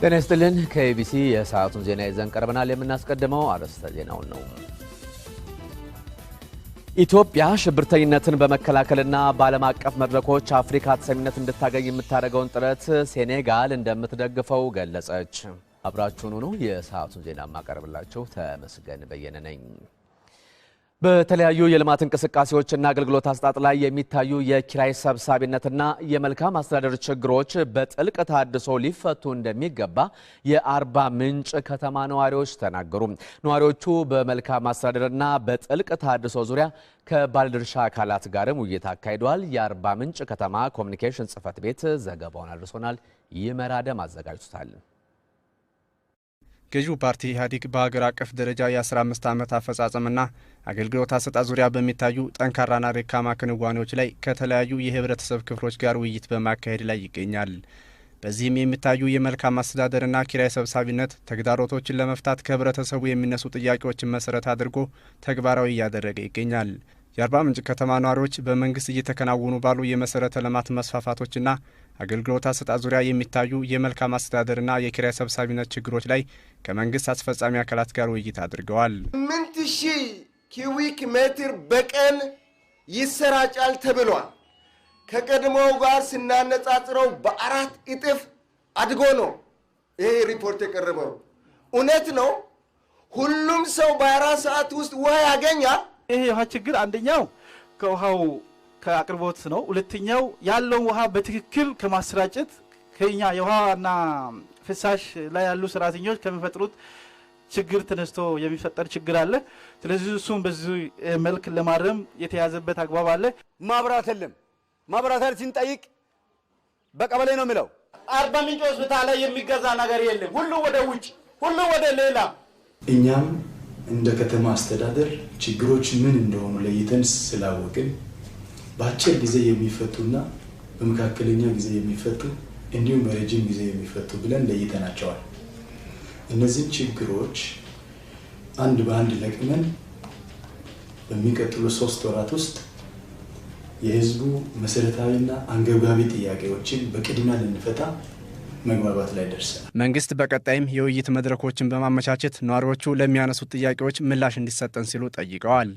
ጤና ይስጥልን። ከኤቢሲ የሰዓቱን ዜና ይዘን ቀርበናል። የምናስቀድመው አርዕስተ ዜናውን ነው። ኢትዮጵያ ሽብርተኝነትን በመከላከልና በዓለም አቀፍ መድረኮች አፍሪካ ተሰሚነት እንድታገኝ የምታደርገውን ጥረት ሴኔጋል እንደምትደግፈው ገለጸች። አብራችሁን ሆኖ የሰዓቱን ዜና የማቀርብላችሁ ተመስገን በየነ ነኝ። በተለያዩ የልማት እንቅስቃሴዎችና አገልግሎት አሰጣጥ ላይ የሚታዩ የኪራይ ሰብሳቢነትና የመልካም አስተዳደር ችግሮች በጥልቅ ታድሶ ሊፈቱ እንደሚገባ የአርባ ምንጭ ከተማ ነዋሪዎች ተናገሩ። ነዋሪዎቹ በመልካም አስተዳደርና በጥልቅ ታድሶ ዙሪያ ከባለድርሻ አካላት ጋርም ውይይት አካሂደዋል። የአርባ ምንጭ ከተማ ኮሚኒኬሽን ጽሕፈት ቤት ዘገባውን አድርሶናል። ይመራደም አዘጋጅቶታል። ገዢው ፓርቲ ኢህአዴግ በሀገር አቀፍ ደረጃ የ15 ዓመት አፈጻጸምና አገልግሎት አሰጣ ዙሪያ በሚታዩ ጠንካራና ደካማ ክንዋኔዎች ላይ ከተለያዩ የህብረተሰብ ክፍሎች ጋር ውይይት በማካሄድ ላይ ይገኛል። በዚህም የሚታዩ የመልካም አስተዳደርና ኪራይ ሰብሳቢነት ተግዳሮቶችን ለመፍታት ከህብረተሰቡ የሚነሱ ጥያቄዎችን መሰረት አድርጎ ተግባራዊ እያደረገ ይገኛል። የአርባ ምንጭ ከተማ ነዋሪዎች በመንግስት እየተከናወኑ ባሉ የመሰረተ ልማት መስፋፋቶችና አገልግሎት አሰጣጥ ዙሪያ የሚታዩ የመልካም አስተዳደርና የኪራይ ሰብሳቢነት ችግሮች ላይ ከመንግስት አስፈጻሚ አካላት ጋር ውይይት አድርገዋል። ስምንት ሺህ ኪዊክ ሜትር በቀን ይሰራጫል ተብሏል። ከቀድሞው ጋር ስናነጻጽረው በአራት እጥፍ አድጎ ነው ይሄ ሪፖርት የቀረበው። እውነት ነው ሁሉም ሰው በአራት ሰዓት ውስጥ ውሃ ያገኛል። ይሄ የውሃ ችግር አንደኛው ከውሃው ከአቅርቦት ነው። ሁለተኛው ያለውን ውሃ በትክክል ከማሰራጨት ከኛ የውሃና ፍሳሽ ላይ ያሉ ሰራተኞች ከሚፈጥሩት ችግር ተነስቶ የሚፈጠር ችግር አለ። ስለዚህ እሱም በዚህ መልክ ለማረም የተያዘበት አግባብ አለ። ማብራት የለም። ማብራት ስንጠይቅ በቀበሌ ነው የሚለው። አርባ ምንጭ ሆስፒታል ላይ የሚገዛ ነገር የለም። ሁሉ ወደ ውጭ፣ ሁሉ ወደ ሌላ እኛም እንደ ከተማ አስተዳደር ችግሮች ምን እንደሆኑ ለይተን ስላወቅን በአጭር ጊዜ የሚፈቱና በመካከለኛ ጊዜ የሚፈቱ እንዲሁም በረጅም ጊዜ የሚፈቱ ብለን ለይተናቸዋል። እነዚህን ችግሮች አንድ በአንድ ለቅመን በሚቀጥሉ ሶስት ወራት ውስጥ የህዝቡ መሰረታዊና አንገብጋቢ ጥያቄዎችን በቅድሚያ ልንፈታ መግባባት ላይ ደርሰናል። መንግስት በቀጣይም የውይይት መድረኮችን በማመቻቸት ነዋሪዎቹ ለሚያነሱት ጥያቄዎች ምላሽ እንዲሰጠን ሲሉ ጠይቀዋል።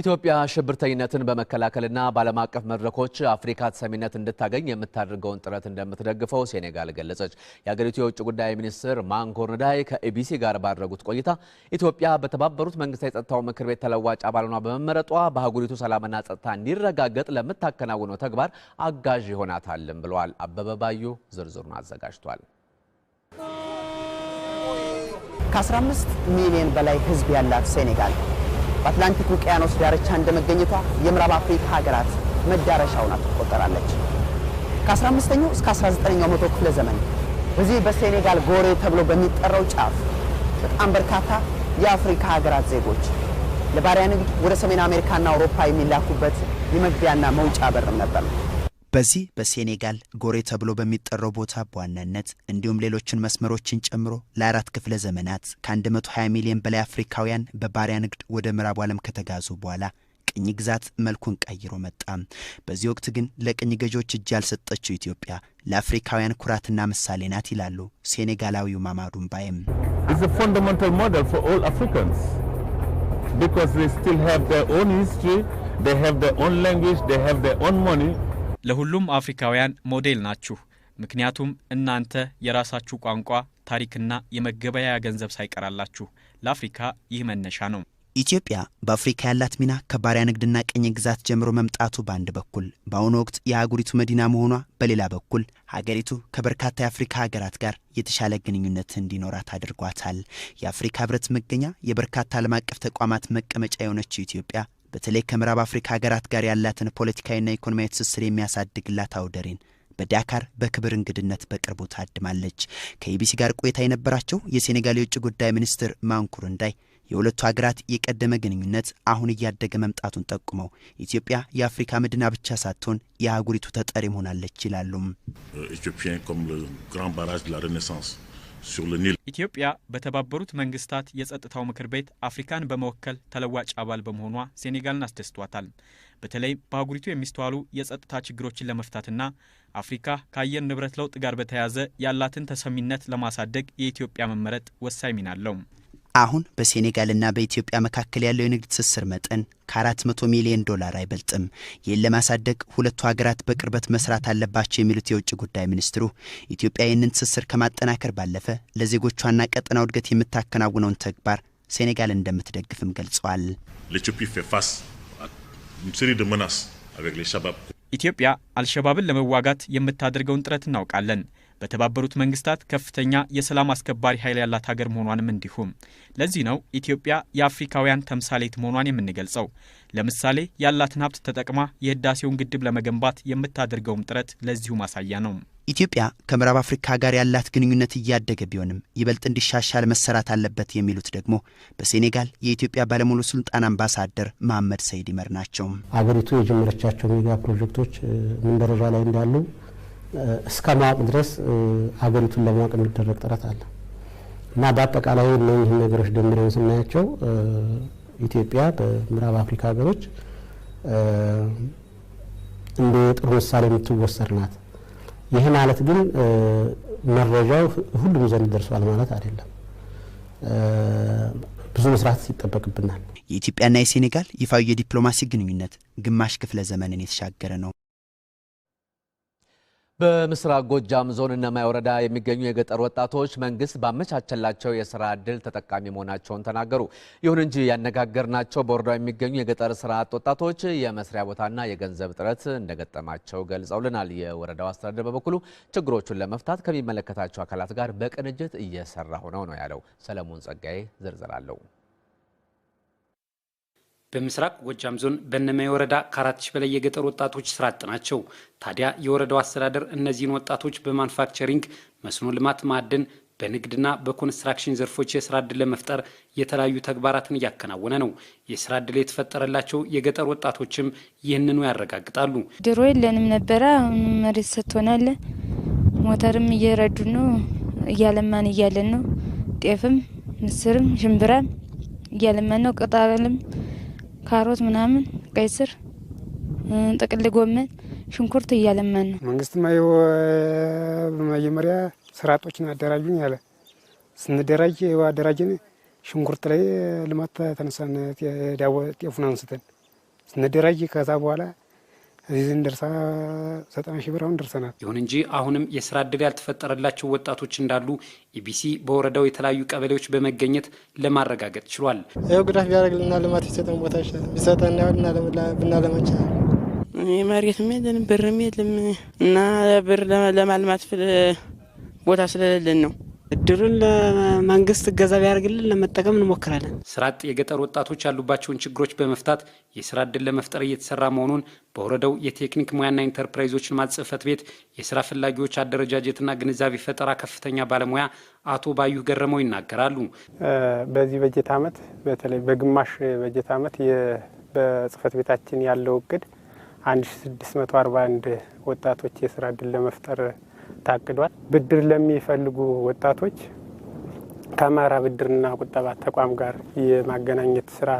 ኢትዮጵያ ሽብርተኝነትን በመከላከልና በዓለም አቀፍ መድረኮች አፍሪካ ተሰሚነት እንድታገኝ የምታደርገውን ጥረት እንደምትደግፈው ሴኔጋል ገለጸች። የአገሪቱ የውጭ ጉዳይ ሚኒስትር ማንኮር ከኤቢሲ ከኢቢሲ ጋር ባደረጉት ቆይታ ኢትዮጵያ በተባበሩት መንግስታት የጸጥታው ምክር ቤት ተለዋጭ አባል በመመረጧ በአህጉሪቱ ሰላምና ጸጥታ እንዲረጋገጥ ለምታከናውነው ተግባር አጋዥ ይሆናታልም ብለዋል። አበበ ባዩ ዝርዝሩን አዘጋጅቷል። ከ15 ሚሊዮን በላይ ህዝብ ያላት ሴኔጋል በአትላንቲክ ውቅያኖስ ዳርቻ እንደመገኘቷ የምዕራብ አፍሪካ ሀገራት መዳረሻ ሆና ትቆጠራለች። ከ15ኛው እስከ 19ኛው መቶ ክፍለ ዘመን በዚህ በሴኔጋል ጎሬ ተብሎ በሚጠራው ጫፍ በጣም በርካታ የአፍሪካ ሀገራት ዜጎች ለባሪያ ንግድ ወደ ሰሜን አሜሪካና አውሮፓ የሚላኩበት የመግቢያና መውጫ በርም ነበር። በዚህ በሴኔጋል ጎሬ ተብሎ በሚጠራው ቦታ በዋናነት እንዲሁም ሌሎችን መስመሮችን ጨምሮ ለአራት ክፍለ ዘመናት ከ120 ሚሊዮን በላይ አፍሪካውያን በባሪያ ንግድ ወደ ምዕራቡ ዓለም ከተጋዙ በኋላ ቅኝ ግዛት መልኩን ቀይሮ መጣ። በዚህ ወቅት ግን ለቅኝ ገዢዎች እጅ ያልሰጠችው ኢትዮጵያ ለአፍሪካውያን ኩራትና ምሳሌ ናት ይላሉ ሴኔጋላዊው ማማዱ ምባዬም። because they still have their own history, they have their own language, they have ለሁሉም አፍሪካውያን ሞዴል ናችሁ። ምክንያቱም እናንተ የራሳችሁ ቋንቋ፣ ታሪክና የመገበያያ ገንዘብ ሳይቀራላችሁ ለአፍሪካ ይህ መነሻ ነው። ኢትዮጵያ በአፍሪካ ያላት ሚና ከባሪያ ንግድና ቅኝ ግዛት ጀምሮ መምጣቱ በአንድ በኩል፣ በአሁኑ ወቅት የአህጉሪቱ መዲና መሆኗ በሌላ በኩል ሀገሪቱ ከበርካታ የአፍሪካ ሀገራት ጋር የተሻለ ግንኙነት እንዲኖራት አድርጓታል። የአፍሪካ ህብረት መገኛ የበርካታ ዓለም አቀፍ ተቋማት መቀመጫ የሆነችው ኢትዮጵያ በተለይ ከምዕራብ አፍሪካ ሀገራት ጋር ያላትን ፖለቲካዊና ኢኮኖሚያዊ ትስስር የሚያሳድግላት አውደሬን በዳካር በክብር እንግድነት በቅርቡ ታድማለች። ከኢቢሲ ጋር ቆይታ የነበራቸው የሴኔጋል የውጭ ጉዳይ ሚኒስትር ማንኩር እንዳይ የሁለቱ ሀገራት የቀደመ ግንኙነት አሁን እያደገ መምጣቱን ጠቁመው ኢትዮጵያ የአፍሪካ መዲና ብቻ ሳትሆን የአህጉሪቱ ተጠሪ መሆናለች ይላሉም ኢትዮጵያን ኢትዮጵያ በተባበሩት መንግስታት የጸጥታው ምክር ቤት አፍሪካን በመወከል ተለዋጭ አባል በመሆኗ ሴኔጋልን አስደስቷታል። በተለይ በአህጉሪቱ የሚስተዋሉ የጸጥታ ችግሮችን ለመፍታትና አፍሪካ ከአየር ንብረት ለውጥ ጋር በተያያዘ ያላትን ተሰሚነት ለማሳደግ የኢትዮጵያ መመረጥ ወሳኝ ሚና አለው። አሁን በሴኔጋልና በኢትዮጵያ መካከል ያለው የንግድ ትስስር መጠን ከ400 ሚሊዮን ዶላር አይበልጥም። ይህን ለማሳደግ ሁለቱ ሀገራት በቅርበት መስራት አለባቸው የሚሉት የውጭ ጉዳይ ሚኒስትሩ ኢትዮጵያ ይህንን ትስስር ከማጠናከር ባለፈ ለዜጎቿና ቀጠናው እድገት የምታከናውነውን ተግባር ሴኔጋል እንደምትደግፍም ገልጸዋል። ኢትዮጵያ አልሸባብን ለመዋጋት የምታደርገውን ጥረት እናውቃለን። በተባበሩት መንግስታት ከፍተኛ የሰላም አስከባሪ ኃይል ያላት ሀገር መሆኗንም እንዲሁም ለዚህ ነው ኢትዮጵያ የአፍሪካውያን ተምሳሌት መሆኗን የምንገልጸው። ለምሳሌ ያላትን ሀብት ተጠቅማ የህዳሴውን ግድብ ለመገንባት የምታደርገውም ጥረት ለዚሁ ማሳያ ነው። ኢትዮጵያ ከምዕራብ አፍሪካ ጋር ያላት ግንኙነት እያደገ ቢሆንም ይበልጥ እንዲሻሻል መሰራት አለበት የሚሉት ደግሞ በሴኔጋል የኢትዮጵያ ባለሙሉ ስልጣን አምባሳደር መሐመድ ሰይድ ይመር ናቸው። አገሪቱ የጀመረቻቸው ሜጋ ፕሮጀክቶች ምን ደረጃ ላይ እንዳሉ እስከ ማወቅ ድረስ ሀገሪቱን ለማወቅ የሚደረግ ጥረት አለ እና በአጠቃላይ እነዚህን ነገሮች ደምረን ስናያቸው ኢትዮጵያ በምዕራብ አፍሪካ ሀገሮች እንደ ጥሩ ምሳሌ የምትወሰድ ናት። ይህ ማለት ግን መረጃው ሁሉም ዘንድ ደርሷል ማለት አይደለም። ብዙ መስራት ይጠበቅብናል። የኢትዮጵያና የሴኔጋል ይፋዊ የዲፕሎማሲ ግንኙነት ግማሽ ክፍለ ዘመንን የተሻገረ ነው። በምስራቅ ጎጃም ዞን እነማይ ወረዳ የሚገኙ የገጠር ወጣቶች መንግስት ባመቻቸላቸው የስራ እድል ተጠቃሚ መሆናቸውን ተናገሩ። ይሁን እንጂ ያነጋገርናቸው በወረዳው የሚገኙ የገጠር ስራ አጥ ወጣቶች የመስሪያ ቦታና የገንዘብ እጥረት እንደገጠማቸው ገልጸውልናል። የወረዳው አስተዳደር በበኩሉ ችግሮቹን ለመፍታት ከሚመለከታቸው አካላት ጋር በቅንጅት እየሰራ ሆነው ነው ያለው። ሰለሞን ጸጋዬ ዝርዝር አለው። በምስራቅ ጎጃም ዞን በእነማይ ወረዳ ከአራት ሺህ በላይ የገጠር ወጣቶች ስራ አጥ ናቸው። ታዲያ የወረዳው አስተዳደር እነዚህን ወጣቶች በማንፋክቸሪንግ መስኖ ልማት፣ ማዕድን፣ በንግድና በኮንስትራክሽን ዘርፎች የስራ ዕድል ለመፍጠር የተለያዩ ተግባራትን እያከናወነ ነው። የስራ ዕድል የተፈጠረላቸው የገጠር ወጣቶችም ይህንኑ ያረጋግጣሉ። ድሮ የለንም ነበረ፣ አሁን መሬት ሰጥቶናል። ሞተርም እየረዱ ነው፣ እያለማን እያለን ነው። ጤፍም፣ ምስርም፣ ሽምብራም እያለማን ነው። ቅጠልም ካሮት ምናምን፣ ቀይ ስር፣ ጥቅል ጎመን፣ ሽንኩርት እያለመን ነው። መንግስትማ ይኸው መጀመሪያ ስርአጦችን አደራጁን ያለ ስንደራጅ አደራጅን ሽንኩርት ላይ ልማት ተነሳን ጤፉን አንስተን ስንደራጅ ከዛ በኋላ እዚህ ደርሳ ዘጠና ሺህ ብር አሁን ደርሰናል። ይሁን እንጂ አሁንም የስራ እድል ያልተፈጠረላቸው ወጣቶች እንዳሉ ኢቢሲ በወረዳው የተለያዩ ቀበሌዎች በመገኘት ለማረጋገጥ ችሏል። ይኸው ጉዳት ቢያደርግልና ልማት ይሰጠን ቦታ ይችላል ቢሰጠን ያው ብናለመችል መሬትም የለን ብር የለም እና ብር ለማልማት ቦታ ስለሌለን ነው እድሉን ለመንግስት እገዛ ቢያደርግልን ለመጠቀም እንሞክራለን። ስራ አጥ የገጠር ወጣቶች ያሉባቸውን ችግሮች በመፍታት የስራ እድል ለመፍጠር እየተሰራ መሆኑን በወረዳው የቴክኒክ ሙያና ኢንተርፕራይዞች ልማት ቤት የስራ ፈላጊዎች አደረጃጀትና ግንዛቤ ፈጠራ ከፍተኛ ባለሙያ አቶ ባዩ ገረመው ይናገራሉ። በዚህ በጀት አመት በተለይ በግማሽ በጀት አመት በጽሕፈት ቤታችን ያለው እቅድ 1641 ወጣቶች የስራ እድል ለመፍጠር ታቅዷል። ብድር ለሚፈልጉ ወጣቶች ከአማራ ብድርና ቁጠባ ተቋም ጋር የማገናኘት ስራ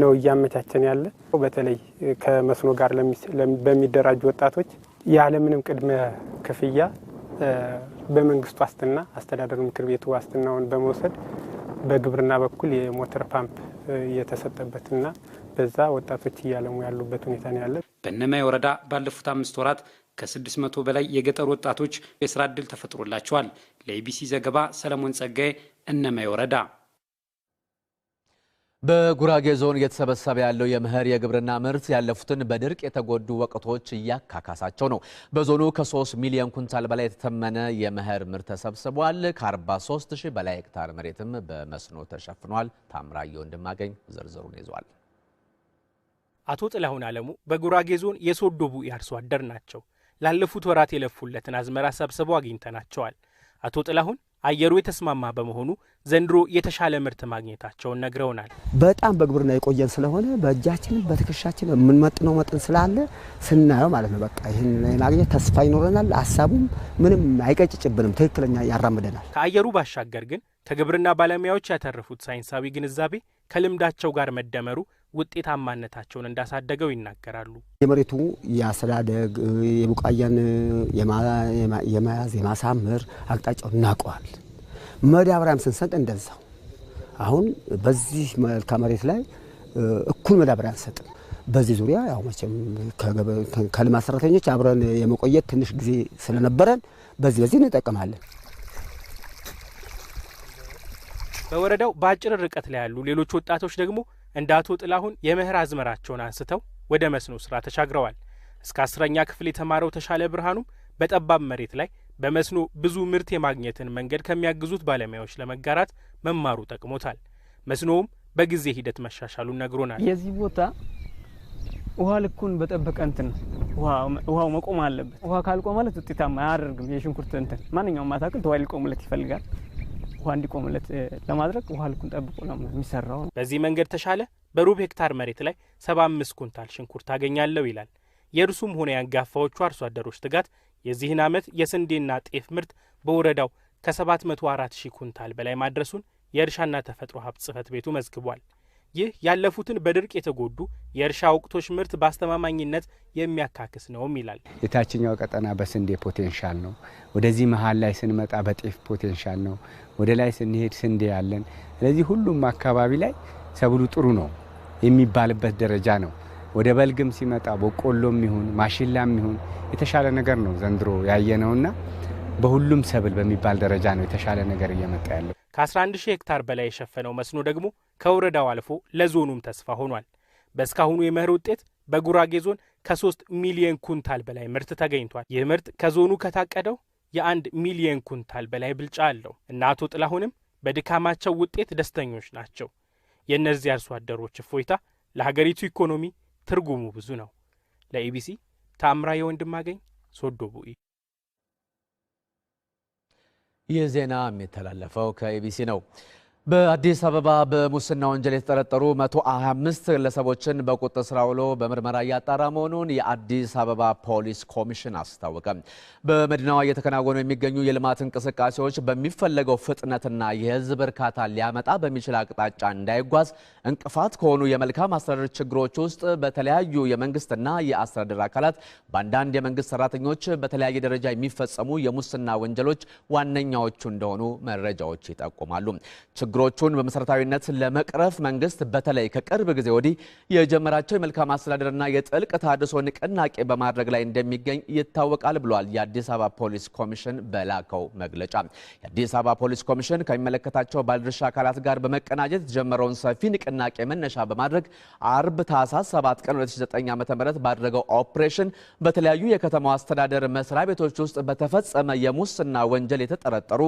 ነው እያመቻቸን ያለ። በተለይ ከመስኖ ጋር በሚደራጁ ወጣቶች ያለምንም ቅድመ ክፍያ በመንግስት ዋስትና አስተዳደር ምክር ቤቱ ዋስትናውን በመውሰድ በግብርና በኩል የሞተር ፓምፕ የተሰጠበትና በዛ ወጣቶች እያለሙ ያሉበት ሁኔታ ነው ያለ። በእነማይ ወረዳ ባለፉት አምስት ወራት ከ600 በላይ የገጠር ወጣቶች የስራ ዕድል ተፈጥሮላቸዋል። ለኢቢሲ ዘገባ ሰለሞን ጸጋዬ፣ እነማይ ወረዳ። በጉራጌ ዞን እየተሰበሰበ ያለው የመኸር የግብርና ምርት ያለፉትን በድርቅ የተጎዱ ወቅቶች እያካካሳቸው ነው። በዞኑ ከ3 ሚሊዮን ኩንታል በላይ የተተመነ የመኸር ምርት ተሰብስቧል። ከ43 ሺህ በላይ ሄክታር መሬትም በመስኖ ተሸፍኗል። ታምራየ እንድማገኝ ዝርዝሩን ይዟል። አቶ ጥላሁን አለሙ በጉራጌ ዞን የሶዶቡ ያርሶ አደር ናቸው። ላለፉት ወራት የለፉለትን አዝመራ ሰብስበው አግኝተናቸዋል። አቶ ጥላሁን አየሩ የተስማማ በመሆኑ ዘንድሮ የተሻለ ምርት ማግኘታቸውን ነግረውናል። በጣም በግብርና የቆየን ስለሆነ በእጃችንም በትከሻችን የምንመጥነው መጠን ስላለ ስናየው ማለት ነው በቃ ይህን ማግኘት ተስፋ ይኖረናል። ሀሳቡም ምንም አይቀጭጭብንም፣ ትክክለኛ ያራምደናል። ከአየሩ ባሻገር ግን ከግብርና ባለሙያዎች ያተረፉት ሳይንሳዊ ግንዛቤ ከልምዳቸው ጋር መደመሩ ውጤታማነታቸውን እንዳሳደገው ይናገራሉ። የመሬቱ የአስተዳደግ የቡቃያን የመያዝ የማሳመር አቅጣጫውን እናውቀዋል። መዳበሪያም ስንሰጥ እንደዛው አሁን በዚህ መልካ መሬት ላይ እኩል መዳበሪያ አንሰጥም። በዚህ ዙሪያ ያው መቼም ከልማት ሰራተኞች አብረን የመቆየት ትንሽ ጊዜ ስለነበረን በዚህ በዚህ እንጠቀማለን። በወረዳው በአጭር ርቀት ላይ ያሉ ሌሎች ወጣቶች ደግሞ እንደ አቶ ጥላሁን የመኸር አዝመራቸውን አንስተው ወደ መስኖ ስራ ተሻግረዋል። እስከ አስረኛ ክፍል የተማረው ተሻለ ብርሃኑም በጠባብ መሬት ላይ በመስኖ ብዙ ምርት የማግኘትን መንገድ ከሚያግዙት ባለሙያዎች ለመጋራት መማሩ ጠቅሞታል። መስኖውም በጊዜ ሂደት መሻሻሉን ነግሮናል። የዚህ ቦታ ውሃ ልኩን በጠበቀ እንትን ነው። ውሃው መቆም አለበት። ውሃ ካልቆ ማለት ውጤታማ አያደርግም። የሽንኩርት እንትን ማንኛውም አታክልት ውሃ ሊቆምለት ይፈልጋል። ውሃ እንዲቆምለት ለማድረግ ውሃ ልኩን ጠብቆ ነው የሚሰራው። በዚህ መንገድ ተሻለ በሩብ ሄክታር መሬት ላይ ሰባ አምስት ኩንታል ሽንኩርት ታገኛለሁ ይላል። የእርሱም ሆነ የአንጋፋዎቹ አርሶ አደሮች ትጋት የዚህን ዓመት የስንዴና ጤፍ ምርት በወረዳው ከ704 ሺህ ኩንታል በላይ ማድረሱን የእርሻና ተፈጥሮ ሀብት ጽሕፈት ቤቱ መዝግቧል። ይህ ያለፉትን በድርቅ የተጎዱ የእርሻ ወቅቶች ምርት በአስተማማኝነት የሚያካክስ ነውም ይላል። የታችኛው ቀጠና በስንዴ ፖቴንሻል ነው። ወደዚህ መሀል ላይ ስንመጣ በጤፍ ፖቴንሻል ነው። ወደ ላይ ስንሄድ ስንዴ ያለን። ስለዚህ ሁሉም አካባቢ ላይ ሰብሉ ጥሩ ነው የሚባልበት ደረጃ ነው። ወደ በልግም ሲመጣ በቆሎም ይሁን ማሽላም ይሁን የተሻለ ነገር ነው ዘንድሮ ያየነውና በሁሉም ሰብል በሚባል ደረጃ ነው የተሻለ ነገር እየመጣ ያለው። ከ11 ሺህ ሄክታር በላይ የሸፈነው መስኖ ደግሞ ከወረዳው አልፎ ለዞኑም ተስፋ ሆኗል። በእስካሁኑ የመኸር ውጤት በጉራጌ ዞን ከሶስት ሚሊየን ኩንታል በላይ ምርት ተገኝቷል። ይህ ምርት ከዞኑ ከታቀደው የአንድ ሚሊየን ኩንታል በላይ ብልጫ አለው እና አቶ ጥላሁንም በድካማቸው ውጤት ደስተኞች ናቸው። የእነዚህ አርሶ አደሮች እፎይታ ለሀገሪቱ ኢኮኖሚ ትርጉሙ ብዙ ነው። ለኢቢሲ ታምራ የወንድማገኝ ሶዶ ቡኢ። ይህ ዜና የሚተላለፈው ከኢቢሲ ነው። በአዲስ አበባ በሙስና ወንጀል የተጠረጠሩ 125 ግለሰቦችን በቁጥጥር ስር ውሎ በምርመራ እያጣራ መሆኑን የአዲስ አበባ ፖሊስ ኮሚሽን አስታወቀ። በመዲናዋ እየተከናወኑ የሚገኙ የልማት እንቅስቃሴዎች በሚፈለገው ፍጥነትና የሕዝብ እርካታ ሊያመጣ በሚችል አቅጣጫ እንዳይጓዝ እንቅፋት ከሆኑ የመልካም አስተዳደር ችግሮች ውስጥ በተለያዩ የመንግስትና የአስተዳደር አካላት በአንዳንድ የመንግስት ሰራተኞች በተለያየ ደረጃ የሚፈጸሙ የሙስና ወንጀሎች ዋነኛዎቹ እንደሆኑ መረጃዎች ይጠቁማሉ። ችግሮቹን በመሰረታዊነት ለመቅረፍ መንግስት በተለይ ከቅርብ ጊዜ ወዲህ የጀመራቸው የመልካም አስተዳደርና የጥልቅ ተሃድሶ ንቅናቄ በማድረግ ላይ እንደሚገኝ ይታወቃል ብሏል የአዲስ አበባ ፖሊስ ኮሚሽን በላከው መግለጫ። የአዲስ አበባ ፖሊስ ኮሚሽን ከሚመለከታቸው ባለድርሻ አካላት ጋር በመቀናጀት የተጀመረውን ሰፊ ንቅናቄ መነሻ በማድረግ አርብ ታህሳስ 7 ቀን 2009 ዓ ም ባደረገው ኦፕሬሽን በተለያዩ የከተማው አስተዳደር መስሪያ ቤቶች ውስጥ በተፈጸመ የሙስና ወንጀል የተጠረጠሩ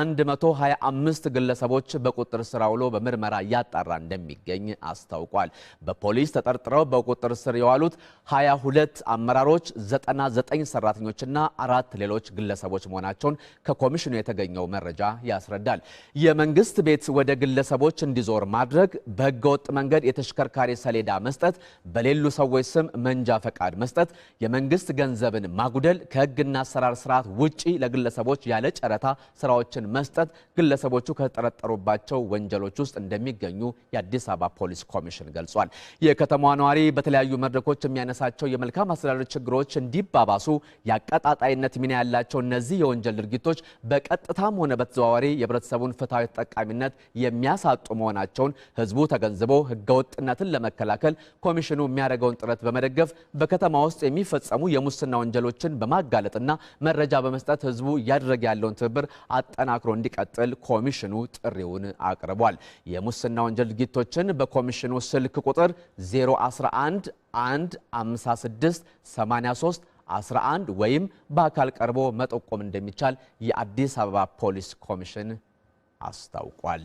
125 ግለሰቦች በቁጥር ስር አውሎ በምርመራ እያጣራ እንደሚገኝ አስታውቋል። በፖሊስ ተጠርጥረው በቁጥር ስር የዋሉት 22 አመራሮች፣ 99 ሰራተኞችና አራት ሌሎች ግለሰቦች መሆናቸውን ከኮሚሽኑ የተገኘው መረጃ ያስረዳል። የመንግስት ቤት ወደ ግለሰቦች እንዲዞር ማድረግ፣ በህገወጥ መንገድ የተሽከርካሪ ሰሌዳ መስጠት፣ በሌሉ ሰዎች ስም መንጃ ፈቃድ መስጠት፣ የመንግስት ገንዘብን ማጉደል፣ ከህግና አሰራር ስርዓት ውጪ ለግለሰቦች ያለ ጨረታ ስራዎችን መስጠት ግለሰቦቹ ከተጠረጠሩባቸው ባቸው ወንጀሎች ውስጥ እንደሚገኙ የአዲስ አበባ ፖሊስ ኮሚሽን ገልጿል። የከተማዋ ነዋሪ በተለያዩ መድረኮች የሚያነሳቸው የመልካም አስተዳደር ችግሮች እንዲባባሱ የአቀጣጣይነት ሚና ያላቸው እነዚህ የወንጀል ድርጊቶች በቀጥታም ሆነ በተዘዋዋሪ የህብረተሰቡን ፍትሐዊ ተጠቃሚነት የሚያሳጡ መሆናቸውን ህዝቡ ተገንዝቦ ህገወጥነትን ለመከላከል ኮሚሽኑ የሚያደርገውን ጥረት በመደገፍ በከተማ ውስጥ የሚፈጸሙ የሙስና ወንጀሎችን በማጋለጥና መረጃ በመስጠት ህዝቡ እያደረገ ያለውን ትብብር አጠናክሮ እንዲቀጥል ኮሚሽኑ ጥሪውን አቅርቧል። የሙስና ወንጀል ድርጊቶችን በኮሚሽኑ ስልክ ቁጥር 011 156 83 11 ወይም በአካል ቀርቦ መጠቆም እንደሚቻል የአዲስ አበባ ፖሊስ ኮሚሽን አስታውቋል።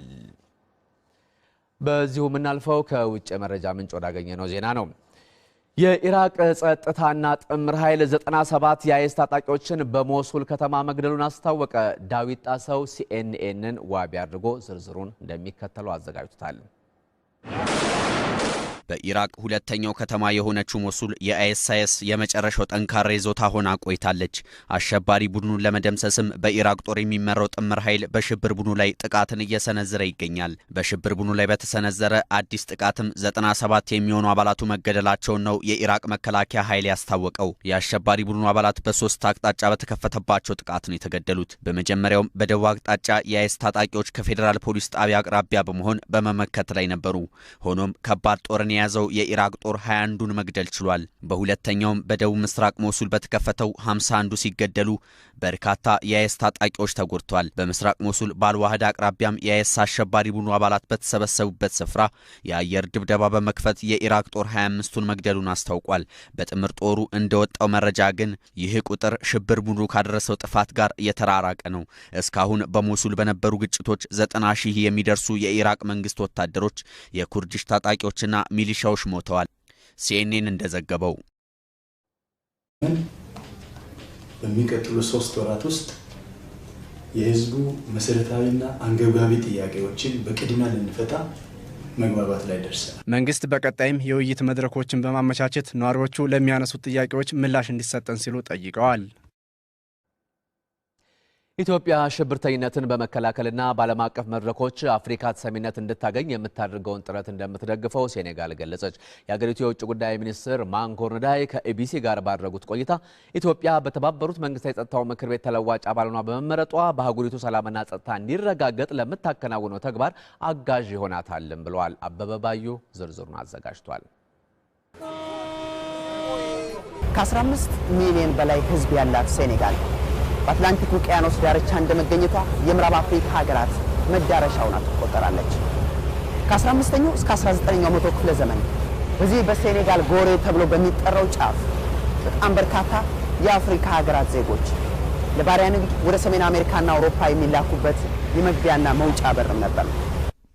በዚሁ የምናልፈው ከውጭ የመረጃ ምንጭ ወዳገኘ ነው ዜና ነው። የኢራቅ ጸጥታና ጥምር ኃይል 97 የአይስ ታጣቂዎችን በሞሱል ከተማ መግደሉን አስታወቀ። ዳዊት ጣሰው ሲኤንኤንን ዋቢ አድርጎ ዝርዝሩን እንደሚከተለው አዘጋጅቶታል። በኢራቅ ሁለተኛው ከተማ የሆነችው ሞሱል የአይኤስአይኤስ የመጨረሻው ጠንካራ ይዞታ ሆና ቆይታለች። አሸባሪ ቡድኑን ለመደምሰስም በኢራቅ ጦር የሚመራው ጥምር ኃይል በሽብር ቡድኑ ላይ ጥቃትን እየሰነዘረ ይገኛል። በሽብር ቡድኑ ላይ በተሰነዘረ አዲስ ጥቃትም 97 የሚሆኑ አባላቱ መገደላቸውን ነው የኢራቅ መከላከያ ኃይል ያስታወቀው። የአሸባሪ ቡድኑ አባላት በሶስት አቅጣጫ በተከፈተባቸው ጥቃት ነው የተገደሉት። በመጀመሪያውም በደቡብ አቅጣጫ የአይስ ታጣቂዎች ከፌዴራል ፖሊስ ጣቢያ አቅራቢያ በመሆን በመመከት ላይ ነበሩ። ሆኖም ከባድ ጦርን ከተማዋን የያዘው የኢራቅ ጦር 21ዱን መግደል ችሏል። በሁለተኛውም በደቡብ ምስራቅ ሞሱል በተከፈተው 51ዱ ሲገደሉ በርካታ የአይስ ታጣቂዎች ተጎድተዋል። በምስራቅ ሞሱል ባልዋህድ አቅራቢያም የአይስ አሸባሪ ቡድኑ አባላት በተሰበሰቡበት ስፍራ የአየር ድብደባ በመክፈት የኢራቅ ጦር 25ቱን መግደሉን አስታውቋል። በጥምር ጦሩ እንደወጣው መረጃ ግን ይህ ቁጥር ሽብር ቡድኑ ካደረሰው ጥፋት ጋር የተራራቀ ነው። እስካሁን በሞሱል በነበሩ ግጭቶች ዘጠና ሺህ የሚደርሱ የኢራቅ መንግስት ወታደሮች የኩርዲሽ ታጣቂዎችና ሚሊሻዎች ሞተዋል። ሲኤንኤን እንደዘገበው በሚቀጥሉ ሶስት ወራት ውስጥ የህዝቡ መሰረታዊና አንገብጋቢ ጥያቄዎችን በቅድሚያ ልንፈታ መግባባት ላይ ደርሰናል። መንግስት በቀጣይም የውይይት መድረኮችን በማመቻቸት ነዋሪዎቹ ለሚያነሱት ጥያቄዎች ምላሽ እንዲሰጠን ሲሉ ጠይቀዋል። ኢትዮጵያ ሽብርተኝነትን በመከላከልና በዓለም አቀፍ መድረኮች አፍሪካ ተሰሚነት እንድታገኝ የምታደርገውን ጥረት እንደምትደግፈው ሴኔጋል ገለጸች። የአገሪቱ የውጭ ጉዳይ ሚኒስትር ማንኮር ንዳይ ከኤቢሲ ጋር ባደረጉት ቆይታ ኢትዮጵያ በተባበሩት መንግስታት የጸጥታው ምክር ቤት ተለዋጭ አባልኗ በመመረጧ በአህጉሪቱ ሰላምና ጸጥታ እንዲረጋገጥ ለምታከናውነው ተግባር አጋዥ ይሆናታልም ብለዋል። አበበ ባዩ ዝርዝሩን አዘጋጅቷል። ከ15 ሚሊዮን በላይ ህዝብ ያላት ሴኔጋል በአትላንቲክ ውቅያኖስ ዳርቻ እንደመገኘቷ የምዕራብ አፍሪካ ሀገራት መዳረሻ ናት ትቆጠራለች። ከ15ኛው እስከ 19ኛው መቶ ክፍለ ዘመን በዚህ በሴኔጋል ጎሬ ተብሎ በሚጠራው ጫፍ በጣም በርካታ የአፍሪካ ሀገራት ዜጎች ለባሪያ ንግድ ወደ ሰሜን አሜሪካና አውሮፓ የሚላኩበት የመግቢያና መውጫ በርም ነበር።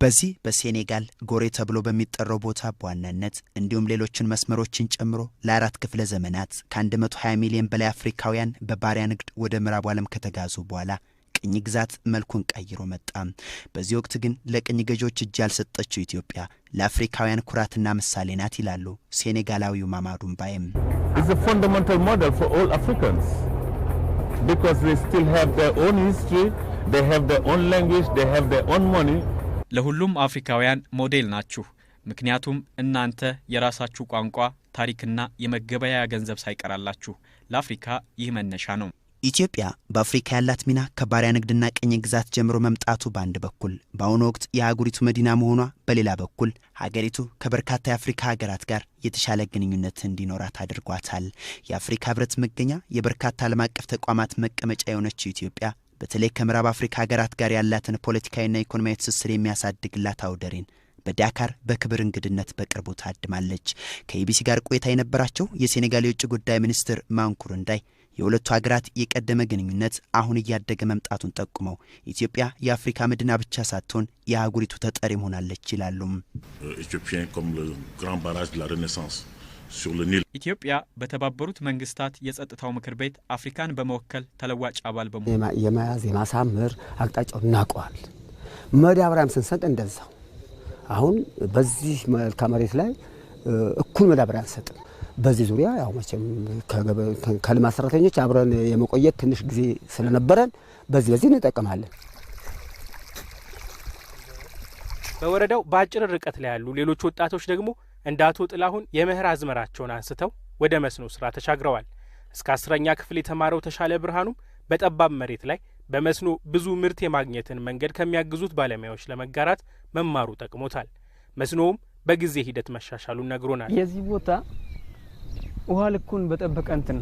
በዚህ በሴኔጋል ጎሬ ተብሎ በሚጠራው ቦታ በዋናነት እንዲሁም ሌሎችን መስመሮችን ጨምሮ ለአራት ክፍለ ዘመናት ከ120 ሚሊዮን በላይ አፍሪካውያን በባሪያ ንግድ ወደ ምዕራቡ ዓለም ከተጋዙ በኋላ ቅኝ ግዛት መልኩን ቀይሮ መጣ። በዚህ ወቅት ግን ለቅኝ ገዢዎች እጅ ያልሰጠችው ኢትዮጵያ ለአፍሪካውያን ኩራትና ምሳሌ ናት ይላሉ ሴኔጋላዊው ማማዱ ምባዬም። they have their own language, they have their own money. ለሁሉም አፍሪካውያን ሞዴል ናችሁ። ምክንያቱም እናንተ የራሳችሁ ቋንቋ፣ ታሪክና የመገበያያ ገንዘብ ሳይቀራላችሁ። ለአፍሪካ ይህ መነሻ ነው። ኢትዮጵያ በአፍሪካ ያላት ሚና ከባሪያ ንግድና ቅኝ ግዛት ጀምሮ መምጣቱ በአንድ በኩል፣ በአሁኑ ወቅት የአህጉሪቱ መዲና መሆኗ በሌላ በኩል ሀገሪቱ ከበርካታ የአፍሪካ ሀገራት ጋር የተሻለ ግንኙነት እንዲኖራት አድርጓታል። የአፍሪካ ህብረት መገኛ የበርካታ ዓለም አቀፍ ተቋማት መቀመጫ የሆነችው ኢትዮጵያ በተለይ ከምዕራብ አፍሪካ ሀገራት ጋር ያላትን ፖለቲካዊና ኢኮኖሚያዊ ትስስር የሚያሳድግላት አውደሬን በዳካር በክብር እንግድነት በቅርቡ ታድማለች። ከኢቢሲ ጋር ቆይታ የነበራቸው የሴኔጋል የውጭ ጉዳይ ሚኒስትር ማንኩር እንዳይ የሁለቱ ሀገራት የቀደመ ግንኙነት አሁን እያደገ መምጣቱን ጠቁመው ኢትዮጵያ የአፍሪካ መዲና ብቻ ሳትሆን የአህጉሪቱ ተጠሪ ሆናለች ይላሉም። ኢትዮጵያ በተባበሩት መንግስታት የጸጥታው ምክር ቤት አፍሪካን በመወከል ተለዋጭ አባል በመሆን የመያዝ የማሳመር አቅጣጫው እናውቀዋል። መዳበሪያም ስንሰጥ እንደዛው አሁን በዚህ መልካ መሬት ላይ እኩል መዳበሪያ አንሰጥም። በዚህ ዙሪያ ያው መቼም ከልማት ሰራተኞች አብረን የመቆየት ትንሽ ጊዜ ስለነበረን በዚህ በዚህ እንጠቀማለን። በወረዳው በአጭር ርቀት ላይ ያሉ ሌሎች ወጣቶች ደግሞ እንደ አቶ ጥላሁን የመኸር አዝመራቸውን አንስተው ወደ መስኖ ስራ ተሻግረዋል። እስከ አስረኛ ክፍል የተማረው ተሻለ ብርሃኑም በጠባብ መሬት ላይ በመስኖ ብዙ ምርት የማግኘትን መንገድ ከሚያግዙት ባለሙያዎች ለመጋራት መማሩ ጠቅሞታል። መስኖውም በጊዜ ሂደት መሻሻሉን ነግሮናል። የዚህ ቦታ ውሃ ልኩን በጠበቀ እንትን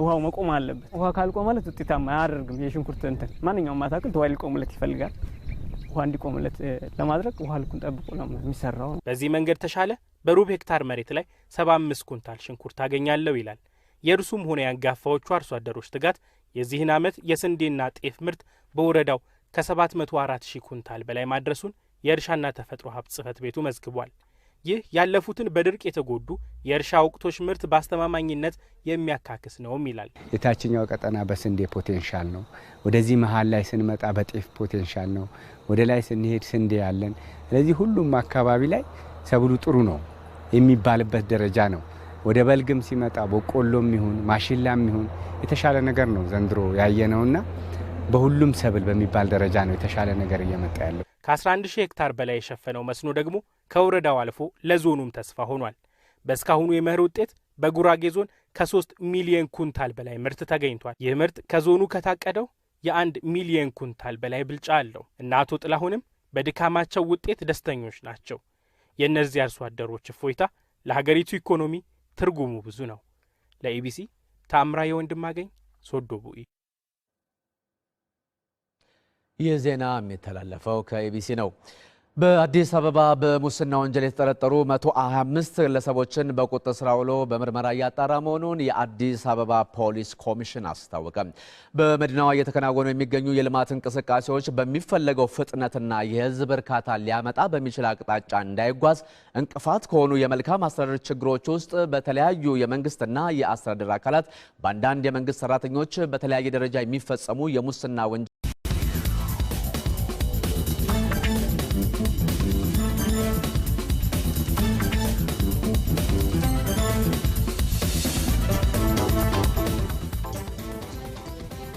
ውሃው መቆም አለበት። ውሃ ካልቆ ማለት ውጤታማ አያደርግም። የሽንኩርት እንትን ማንኛውም አታክልት ውሃ ሊቆምለት ይፈልጋል። ውሃ እንዲቆምለት ለማድረግ ውሃ ልኩን ጠብቆ የሚሰራው ነው። በዚህ መንገድ ተሻለ በሩብ ሄክታር መሬት ላይ ሰባ አምስት ኩንታል ሽንኩርት አገኛለሁ ይላል። የእርሱም ሆነ ያንጋፋዎቹ አርሶ አደሮች ትጋት የዚህን ዓመት የስንዴና ጤፍ ምርት በወረዳው ከ704 ሺህ ኩንታል በላይ ማድረሱን የእርሻና ተፈጥሮ ሀብት ጽሕፈት ቤቱ መዝግቧል። ይህ ያለፉትን በድርቅ የተጎዱ የእርሻ ወቅቶች ምርት በአስተማማኝነት የሚያካክስ ነውም ይላል። የታችኛው ቀጠና በስንዴ ፖቴንሻል ነው። ወደዚህ መሀል ላይ ስንመጣ በጤፍ ፖቴንሻል ነው። ወደ ላይ ስንሄድ ስንዴ ያለን። ስለዚህ ሁሉም አካባቢ ላይ ሰብሉ ጥሩ ነው የሚባልበት ደረጃ ነው። ወደ በልግም ሲመጣ በቆሎም ይሁን ማሽላም ይሁን የተሻለ ነገር ነው ዘንድሮ ያየነውና በሁሉም ሰብል በሚባል ደረጃ ነው የተሻለ ነገር እየመጣ ያለው። ከ11 ሺህ ሄክታር በላይ የሸፈነው መስኖ ደግሞ ከወረዳው አልፎ ለዞኑም ተስፋ ሆኗል። በእስካሁኑ የመኸር ውጤት በጉራጌ ዞን ከ3 ሚሊየን ኩንታል በላይ ምርት ተገኝቷል። ይህ ምርት ከዞኑ ከታቀደው የአንድ ሚሊየን ኩንታል በላይ ብልጫ አለው እና አቶ ጥላሁንም በድካማቸው ውጤት ደስተኞች ናቸው። የእነዚህ አርሶ አደሮች እፎይታ ለሀገሪቱ ኢኮኖሚ ትርጉሙ ብዙ ነው። ለኢቢሲ ታምራ የወንድማገኝ ሶዶ ቡኢ ይህ ዜና የሚተላለፈው ከኢቢሲ ነው። በአዲስ አበባ በሙስና ወንጀል የተጠረጠሩ 125 ግለሰቦችን በቁጥጥር ስር አውሎ በምርመራ እያጣራ መሆኑን የአዲስ አበባ ፖሊስ ኮሚሽን አስታወቀ። በመዲናዋ እየተከናወኑ የሚገኙ የልማት እንቅስቃሴዎች በሚፈለገው ፍጥነትና የሕዝብ እርካታ ሊያመጣ በሚችል አቅጣጫ እንዳይጓዝ እንቅፋት ከሆኑ የመልካም አስተዳደር ችግሮች ውስጥ በተለያዩ የመንግስትና የአስተዳደር አካላት በአንዳንድ የመንግስት ሰራተኞች በተለያየ ደረጃ የሚፈጸሙ የሙስና ወንጀል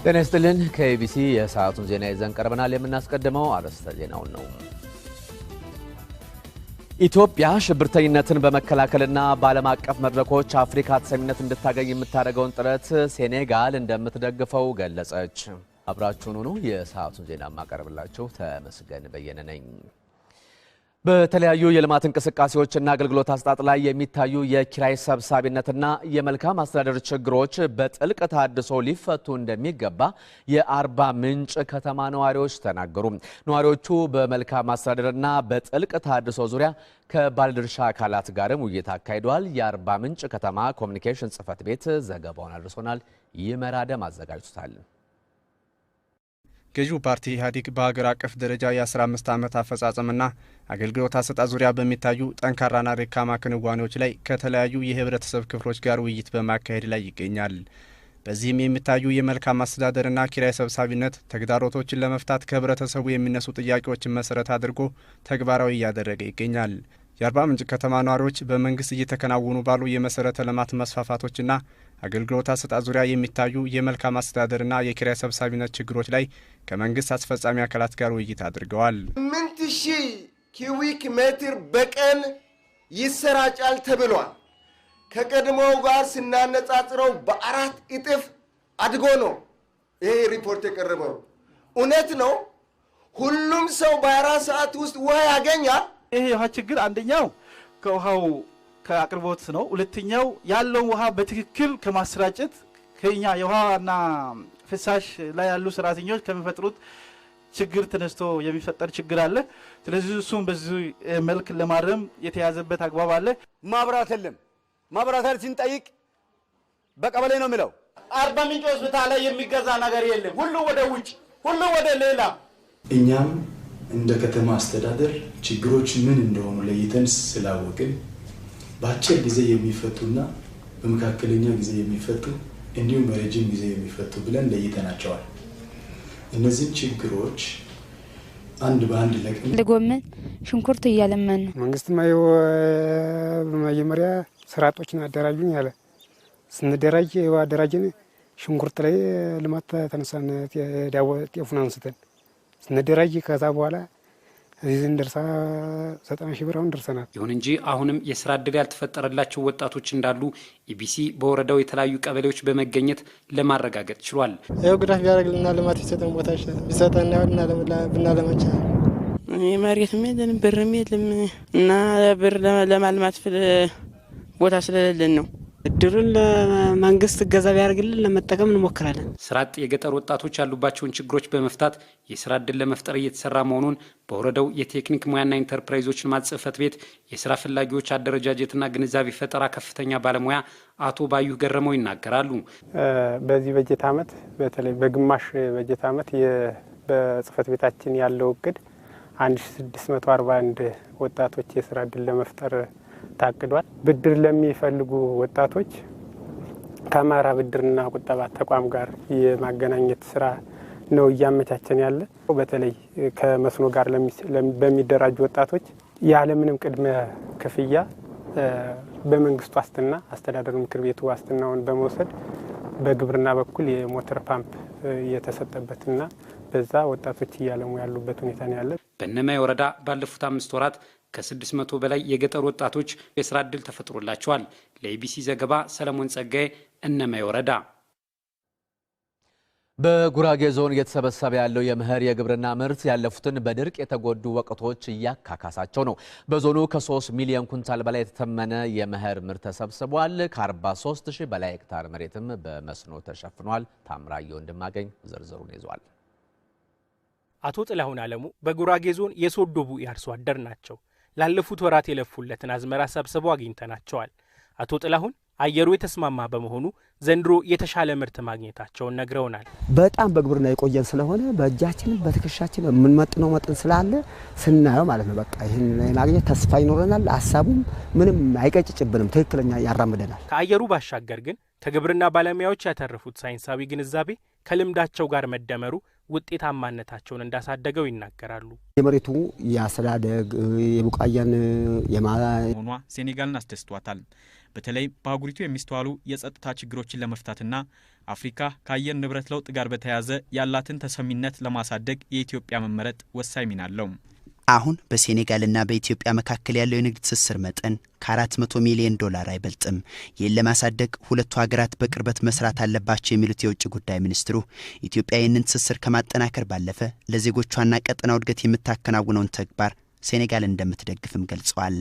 ጤና ይስጥልን። ከኤቢሲ የሰዓቱን ዜና ይዘን ቀርበናል። የምናስቀድመው አርዕስተ ዜናውን ነው። ኢትዮጵያ ሽብርተኝነትን በመከላከልና በዓለም አቀፍ መድረኮች አፍሪካ ተሰሚነት እንድታገኝ የምታደርገውን ጥረት ሴኔጋል እንደምትደግፈው ገለጸች። አብራችሁን ሁኑ። የሰዓቱን ዜና የማቀርብላችሁ ተመስገን በየነ ነኝ። በተለያዩ የልማት እንቅስቃሴዎችና አገልግሎት አሰጣጥ ላይ የሚታዩ የኪራይ ሰብሳቢነትና የመልካም አስተዳደር ችግሮች በጥልቅ ታድሶ ሊፈቱ እንደሚገባ የአርባ ምንጭ ከተማ ነዋሪዎች ተናገሩ። ነዋሪዎቹ በመልካም አስተዳደርና በጥልቅ ታድሶ ዙሪያ ከባለድርሻ አካላት ጋርም ውይይት አካሂደዋል። የአርባ ምንጭ ከተማ ኮሚኒኬሽን ጽሕፈት ቤት ዘገባውን አድርሶናል። ይመራደም አዘጋጅቶታል። ገዢው ፓርቲ ኢህአዴግ በሀገር አቀፍ ደረጃ የ15 ዓመት አፈጻጸምና አገልግሎት አሰጣ ዙሪያ በሚታዩ ጠንካራና ደካማ ክንዋኔዎች ላይ ከተለያዩ የህብረተሰብ ክፍሎች ጋር ውይይት በማካሄድ ላይ ይገኛል። በዚህም የሚታዩ የመልካም አስተዳደርና ኪራይ ሰብሳቢነት ተግዳሮቶችን ለመፍታት ከህብረተሰቡ የሚነሱ ጥያቄዎችን መሰረት አድርጎ ተግባራዊ እያደረገ ይገኛል። የአርባ ምንጭ ከተማ ነዋሪዎች በመንግስት እየተከናወኑ ባሉ የመሰረተ ልማት መስፋፋቶችና አገልግሎት አሰጣጥ ዙሪያ የሚታዩ የመልካም አስተዳደርና የኪራይ ሰብሳቢነት ችግሮች ላይ ከመንግስት አስፈጻሚ አካላት ጋር ውይይት አድርገዋል። ስምንት ሺህ ኪዊክ ሜትር በቀን ይሰራጫል ተብሏል። ከቀድሞው ጋር ስናነጻጽረው በአራት እጥፍ አድጎ ነው ይሄ ሪፖርት የቀረበው። እውነት ነው ሁሉም ሰው በአራት ሰዓት ውስጥ ውሃ ያገኛል። ይሄ የውሃ ችግር አንደኛው ከውሃው ከአቅርቦት ነው። ሁለተኛው ያለውን ውሃ በትክክል ከማሰራጨት ከኛ የውሃና ፍሳሽ ላይ ያሉ ሰራተኞች ከሚፈጥሩት ችግር ተነስቶ የሚፈጠር ችግር አለ። ስለዚህ እሱም በዚህ መልክ ለማረም የተያዘበት አግባብ አለ። ማብራት የለም። ማብራት ስንጠይቅ በቀበሌ ነው የሚለው። አርባ ምንጭ ሆስፒታል ላይ የሚገዛ ነገር የለም። ሁሉ ወደ ውጭ፣ ሁሉ ወደ ሌላ። እኛም እንደ ከተማ አስተዳደር ችግሮች ምን እንደሆኑ ለይተን ስላወቅን በአጭር ጊዜ የሚፈቱና በመካከለኛ ጊዜ የሚፈቱ እንዲሁም በረጅም ጊዜ የሚፈቱ ብለን ለይተናቸዋል። እነዚህም ችግሮች አንድ በአንድ ለቅም ለጎመን ሽንኩርት እያለመን ነው። መንግስት መጀመሪያ ስርዓቶችን አደራጁን ያለ ስንደራጅ አደራጅን ሽንኩርት ላይ ልማት ተነሳን ጤፉን አንስተን ስንደራጅ ከዛ በኋላ እዚህ ደርሳ ዘጠና ሺህ ብር አሁን ደርሰናል። ይሁን እንጂ አሁንም የስራ እድል ያልተፈጠረላቸው ወጣቶች እንዳሉ ኢቢሲ በወረዳው የተለያዩ ቀበሌዎች በመገኘት ለማረጋገጥ ችሏል። ይኸው ጉዳት ቢያደርግልና ልማት ቢሰጠን ቦታ ቢሰጠን ብናለመቻ እኔ መሬትም የለንም ብርም የለም እና ብር ለማልማት ቦታ ስለሌለን ነው እድሉን ለመንግስት እገዛ ቢያደርግልን ለመጠቀም እንሞክራለን። ስራ አጥ የገጠር ወጣቶች ያሉባቸውን ችግሮች በመፍታት የስራ እድል ለመፍጠር እየተሰራ መሆኑን በወረዳው የቴክኒክ ሙያና ኢንተርፕራይዞች ልማት ቤት የስራ ፈላጊዎች አደረጃጀትና ግንዛቤ ፈጠራ ከፍተኛ ባለሙያ አቶ ባዩ ገረመው ይናገራሉ። በዚህ በጀት አመት በተለይ በግማሽ በጀት አመት በጽሕፈት ቤታችን ያለው እቅድ 1641 ወጣቶች የስራ እድል ለመፍጠር ታቅዷል። ብድር ለሚፈልጉ ወጣቶች ከአማራ ብድርና ቁጠባ ተቋም ጋር የማገናኘት ስራ ነው እያመቻቸን ያለ። በተለይ ከመስኖ ጋር በሚደራጁ ወጣቶች ያለምንም ቅድመ ክፍያ በመንግስት ዋስትና አስተዳደር ምክር ቤቱ ዋስትናውን በመውሰድ በግብርና በኩል የሞተር ፓምፕ የተሰጠበትና በዛ ወጣቶች እያለሙ ያሉበት ሁኔታ ነው ያለ። በእነማይ ወረዳ ባለፉት አምስት ወራት ከ600 በላይ የገጠር ወጣቶች የስራ ዕድል ተፈጥሮላቸዋል። ለኢቢሲ ዘገባ ሰለሞን ጸጋዬ፣ እነማይ ወረዳ። በጉራጌ ዞን እየተሰበሰበ ያለው የመኸር የግብርና ምርት ያለፉትን በድርቅ የተጎዱ ወቅቶች እያካካሳቸው ነው። በዞኑ ከ3 ሚሊዮን ኩንታል በላይ የተተመነ የመኸር ምርት ተሰብስቧል። ከ43 ሺህ በላይ ሄክታር መሬትም በመስኖ ተሸፍኗል። ታምራየ እንድማገኝ ዝርዝሩን ይዟል። አቶ ጥላሁን አለሙ በጉራጌ ዞን የሶዶቡ ያርሶ አደር ናቸው። ላለፉት ወራት የለፉለትን አዝመራ ሰብስበው አግኝተናቸዋል። አቶ ጥላሁን አየሩ የተስማማ በመሆኑ ዘንድሮ የተሻለ ምርት ማግኘታቸውን ነግረውናል። በጣም በግብርና የቆየን ስለሆነ በእጃችንም በትከሻችን የምንመጥነው መጠን ስላለ ስናየው ማለት ነው በቃ ይህን ማግኘት ተስፋ ይኖረናል። ሀሳቡም ምንም አይቀጭጭብንም፣ ትክክለኛ ያራምደናል። ከአየሩ ባሻገር ግን ከግብርና ባለሙያዎች ያተረፉት ሳይንሳዊ ግንዛቤ ከልምዳቸው ጋር መደመሩ ውጤታማነታቸውን እንዳሳደገው ይናገራሉ። የመሬቱ የአስተዳደግ የቡቃያን የማሆኗ ሴኔጋልን አስደስቷታል። በተለይ በአህጉሪቱ የሚስተዋሉ የጸጥታ ችግሮችን ለመፍታትና አፍሪካ ከአየር ንብረት ለውጥ ጋር በተያያዘ ያላትን ተሰሚነት ለማሳደግ የኢትዮጵያ መመረጥ ወሳኝ ሚና አለው። አሁን በሴኔጋልና በኢትዮጵያ መካከል ያለው የንግድ ትስስር መጠን ከ400 ሚሊዮን ዶላር አይበልጥም። ይህን ለማሳደግ ሁለቱ ሀገራት በቅርበት መስራት አለባቸው የሚሉት የውጭ ጉዳይ ሚኒስትሩ ኢትዮጵያ ይህንን ትስስር ከማጠናከር ባለፈ ለዜጎቿና ቀጠናው እድገት የምታከናውነውን ተግባር ሴኔጋል እንደምትደግፍም ገልጸዋል።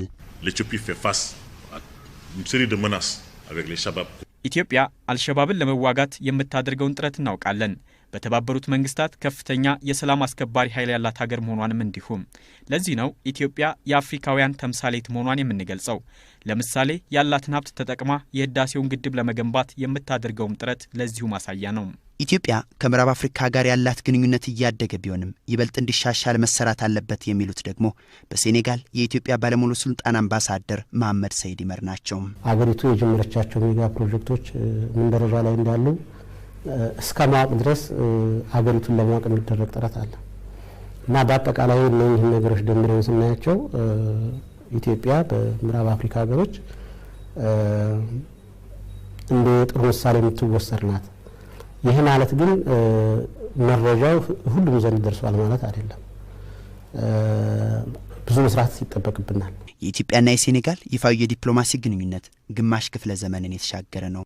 ኢትዮጵያ አልሸባብን ለመዋጋት የምታደርገውን ጥረት እናውቃለን። በተባበሩት መንግስታት ከፍተኛ የሰላም አስከባሪ ኃይል ያላት ሀገር መሆኗንም እንዲሁም ለዚህ ነው ኢትዮጵያ የአፍሪካውያን ተምሳሌት መሆኗን የምንገልጸው። ለምሳሌ ያላትን ሀብት ተጠቅማ የህዳሴውን ግድብ ለመገንባት የምታደርገውም ጥረት ለዚሁ ማሳያ ነው። ኢትዮጵያ ከምዕራብ አፍሪካ ጋር ያላት ግንኙነት እያደገ ቢሆንም ይበልጥ እንዲሻሻል መሰራት አለበት የሚሉት ደግሞ በሴኔጋል የኢትዮጵያ ባለሙሉ ስልጣን አምባሳደር መሐመድ ሰይድ ይመር ናቸው። አገሪቱ የጀመረቻቸው ሜጋ ፕሮጀክቶች ምን ደረጃ ላይ እንዳሉ እስከ ማወቅ ድረስ ሀገሪቱን ለማወቅ የሚደረግ ጥረት አለ እና በአጠቃላይ እነዚህን ነገሮች ደምረን ስናያቸው ኢትዮጵያ በምዕራብ አፍሪካ ሀገሮች እንደ ጥሩ ምሳሌ የምትወሰድ ናት። ይህ ማለት ግን መረጃው ሁሉም ዘንድ ደርሷል ማለት አይደለም። ብዙ መስራት ይጠበቅብናል። የኢትዮጵያና የሴኔጋል ይፋዊ የዲፕሎማሲ ግንኙነት ግማሽ ክፍለ ዘመንን የተሻገረ ነው።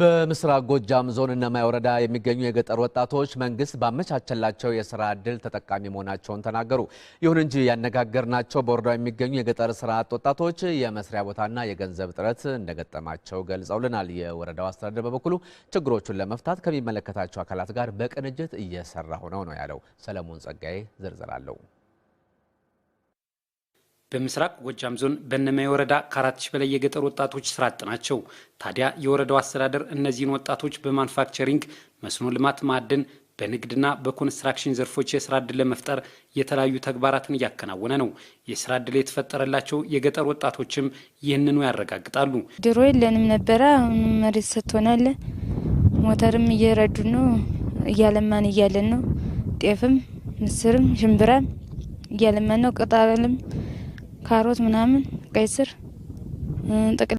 በምስራቅ ጎጃም ዞን እነማይ ወረዳ የሚገኙ የገጠር ወጣቶች መንግስት ባመቻቸላቸው የስራ እድል ተጠቃሚ መሆናቸውን ተናገሩ። ይሁን እንጂ ያነጋገርናቸው በወረዳው የሚገኙ የገጠር ስራ አጥ ወጣቶች የመስሪያ ቦታና የገንዘብ እጥረት እንደገጠማቸው ገልጸውልናል። የወረዳው አስተዳደር በበኩሉ ችግሮቹን ለመፍታት ከሚመለከታቸው አካላት ጋር በቅንጅት እየሰራ ሆነው ነው ያለው። ሰለሞን ጸጋዬ ዝርዝር አለው። በምስራቅ ጎጃም ዞን በነማይ ወረዳ ከአራት ሺህ በላይ የገጠር ወጣቶች ስራ አጥ ናቸው። ታዲያ የወረዳው አስተዳደር እነዚህን ወጣቶች በማንፋክቸሪንግ መስኖ ልማት፣ ማዕድን፣ በንግድና በኮንስትራክሽን ዘርፎች የስራ ዕድል ለመፍጠር የተለያዩ ተግባራትን እያከናወነ ነው። የስራ ዕድል የተፈጠረላቸው የገጠር ወጣቶችም ይህንኑ ያረጋግጣሉ። ድሮ የለንም ነበረ፣ አሁን መሬት ሰጥቶናል። ሞተርም እየረዱ ነው፣ እያለማን እያለን ነው። ጤፍም፣ ምስርም፣ ሽምብራም እያለማን ነው። ቅጠልም ካሮት ምናምን፣ ቀይ ስር